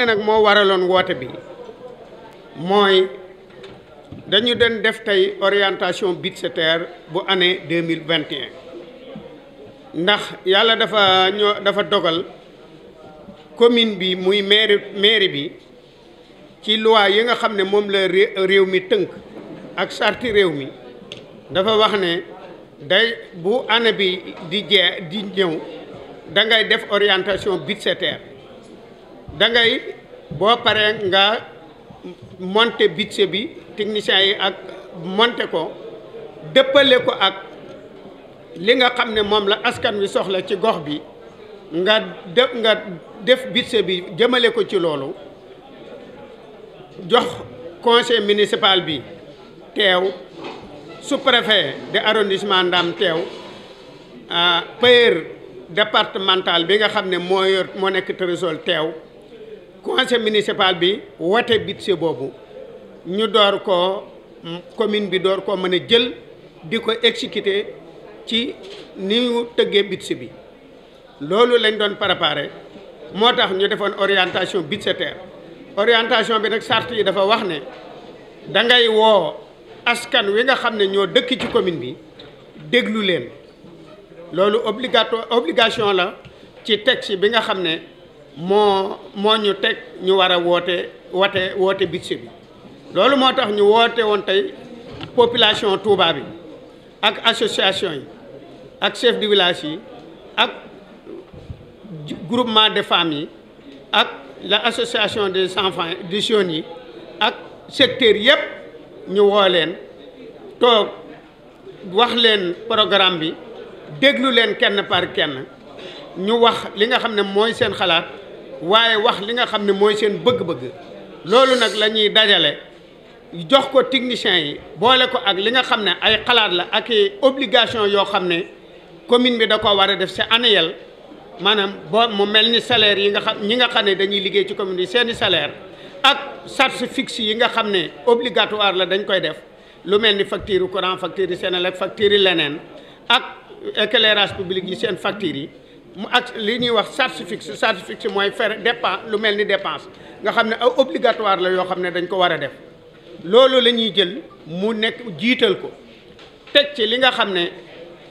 ne nag moo waraloon woote bi mooy dañu doon def tey orientation budgétaire bu année deux mille vingt et ndax yàlla dafa ñoo dafa dogal commune bi muy mairie mairie bi ci loi yi nga xam ne moom la réew mi tënk ak sarti réew mi dafa wax ne day bu année bi di jee di ñëw da ngay def orientation budgétaire da boo paree nga monter budget bi techniciens yi ak monter ko dëppale ko ak li nga xam ne moom la askan wi soxla ci gox bi nga def nga def budget bi jëmale ko ci loolu jox conseil municipal bi teew sous-préfet de arrondissement Ndam teew euh, payeur départemental bi nga xam ne moo moo nekk trésor teew conseil municipal bi wate budget boobu ñu door ko mm, commune bi door koo mën a jël di ko exécuter ci ni ñu tëggee budget bi loolu lañ doon préparé moo tax ñu defoon orientation budgétaire orientation bi nag charte yi dafa wax ne da ngay woo askan wi nga xam ne ñoo dëkk ci commune bi déglu leen loolu obligato obligation la ci texte bi nga xam ne moo moo ñu teg ñu war a woote woote woote budget bi loolu moo tax ñu woote woon tey population Touba yi ak association yi ak chef de village yi ak groupement de femmes yi ak la association des enfants des jeunes yi ak secteur yëpp ñu woo leen toog wax leen programme bi déglu leen kenn par kenn ñu wax li nga xam ne mooy seen xalaat waaye wax li nga xam ne mooy seen bëgg-bëgg loolu nag lañuy dajale jox ko techniciens yi boole ko ak li nga xam ne ay xalaat la ak i obligation yoo xam ne commune bi da ko war a def ci annuel maanaam boo mu mel ni salaire yi nga xam ñi nga xam ne dañuy liggéey ci commune bi seeni salaire ak charge fixe yi nga xam ne obligatoire la dañ koy def lu mel ni facture courant facture yi Senelec facture yi leneen ak éclairage public yi seen facture yi mu ak li ñuy wax charge fixe charge mooy faire dépense lu mel ni dépense nga xam ne aw obligatoire la yoo xam ne dañ ko war a def loolu la ñuy jël mu nekk jiital ko teg ci li nga xam ne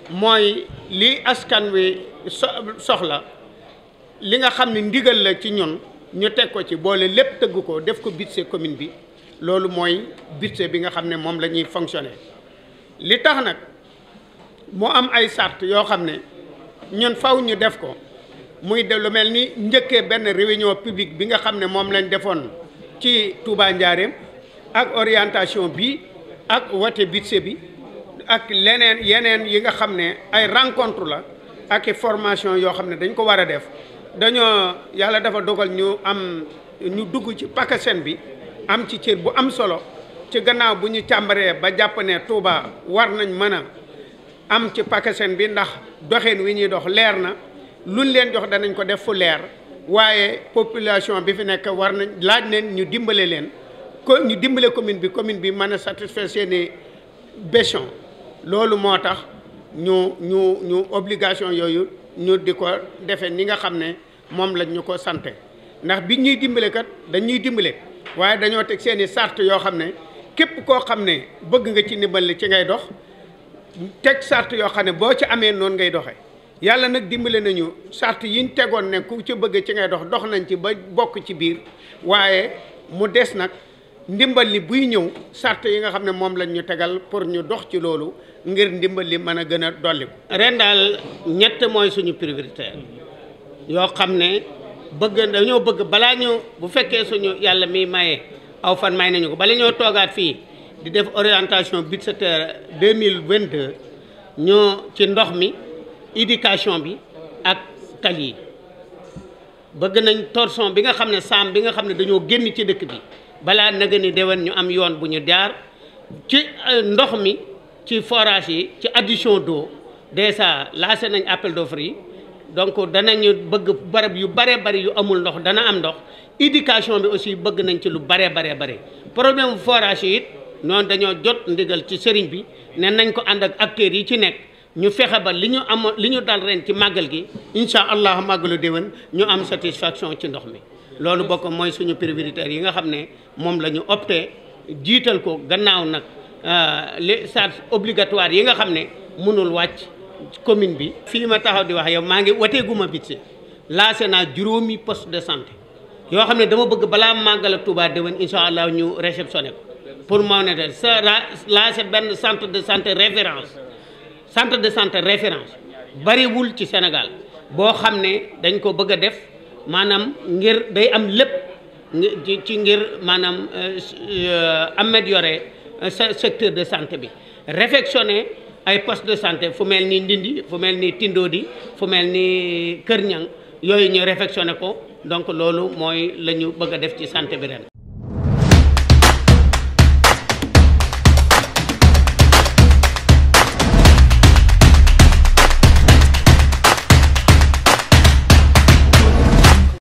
mooy li askan wi so soxla li nga xam ne ndigal la ci ñun ñu teg ko ci boole lépp tëgg ko def ko budget commune bi loolu mooy budget bi nga xam ne moom la ñuy fonctionner li tax nag mu am ay sart yoo xam ne ñun faw ñu def ko muy de lu mel ni njëkkee benn réunion publique bi nga xam ne moom lañ defoon ci Touba Njaareem ak orientation bi ak wate budget bi ak leneen yeneen yi nga xam ne ay rencontre la ak i formation yoo xam ne dañ ko war a def dañoo yàlla dafa dogal ñu am ñu dugg ci pakaseen bi am ci cër bu am solo ci gannaaw bu ñu càmbaree ba jàpp ne war nañ mën a am ci pakaseen bi ndax doxeen wi ñuy dox leer na luñ leen jox danañ ko def fu leer waaye population bi fi nekk war nañ laaj leen ñu dimbale leen ko ñu dimbale commune bi commune bi mën a satisfaire seeni besoin loolu moo tax ñu ñu ñu obligation yooyu ñu di ko defee ni nga xam ne moom lañ ñu ko sante ndax bi ñuy dimbale kat dañuy dimbale waaye dañoo teg seeni sart yoo xam ne képp koo xam ne bëgg nga ci ndimbal li ci ngay dox teg sart yoo xam ne boo ci amee noonu ngay doxee yàlla nag dimbale nañu yi yiñ tegoon ne ku ci bëgg ci ngay dox dox nañ ci ba bokk ci biir waaye mu des nag ndimbal li buy ñëw sart yi nga xam ne moom lañ ñu tegal pour ñu dox ci loolu ngir ndimbal li mën a gën a dolliku ren daal ñett mooy suñu prioritaire yoo xam ne bëgg dañoo bëgg balaa ñu bu fekkee suñu yàlla mi maye aw fan may nañu ko bala ñoo toogaat fii di def orientation budgétaire deux mille vingt deux ñoo ci ndox mi éducation bi ak tali yi bëgg nañ torsion bi nga xam ne saam bi nga xam ne dañoo génn ci dëkk bi balaa naga ni déwén ñu am yoon bu ñu jaar ci euh, ndox mi ci forage yi ci adduction de déjà lancé nañ appel d'offres yi donc danañu bëgg barab yu bare bari yu amul ndox dana am ndox éducation bi aussi bëgg nañ ci lu bare bare bare problème forage yi noonu dañoo jot ndigal ci sëriñ bi ne nañ ko ànd ak acteurs yi ci nekk ñu fexe ba li ñu amoon li ñu dal ren ci màggal gi incha allah màggalu déwén ñu am satisfaction ci ndox mi. loolu bokk mooy suñu prioritaire yi nga xam ne moom la ñu opté jiital ko gannaaw nag euh, les charges obligatoires yi nga xam ne mënul wàcc commune bi. fii ma taxaw di wax yaw maa ngi wateeguma bitse laase naa juróomi poste de santé yoo xam ne dama bëgg balaa màggal ak Touba déwén allah ñu réceptionné ko. pour monitorer sa lancé benn centre de santé référence centre de santé référence bariwul ci Sénégal boo xam ne dañ ko bëgg a def maanaam ngir day am lépp ci ngir maanaam euh, euh, amédiore euh, sa secteur de santé bi réfectionner ay poste de santé fu mel ni Ndindi fu mel ni Tindodi fu mel ni Kër Ñang yooyu ñu réfectionné ko donc loolu mooy la ñu bëgg def ci santé bi ren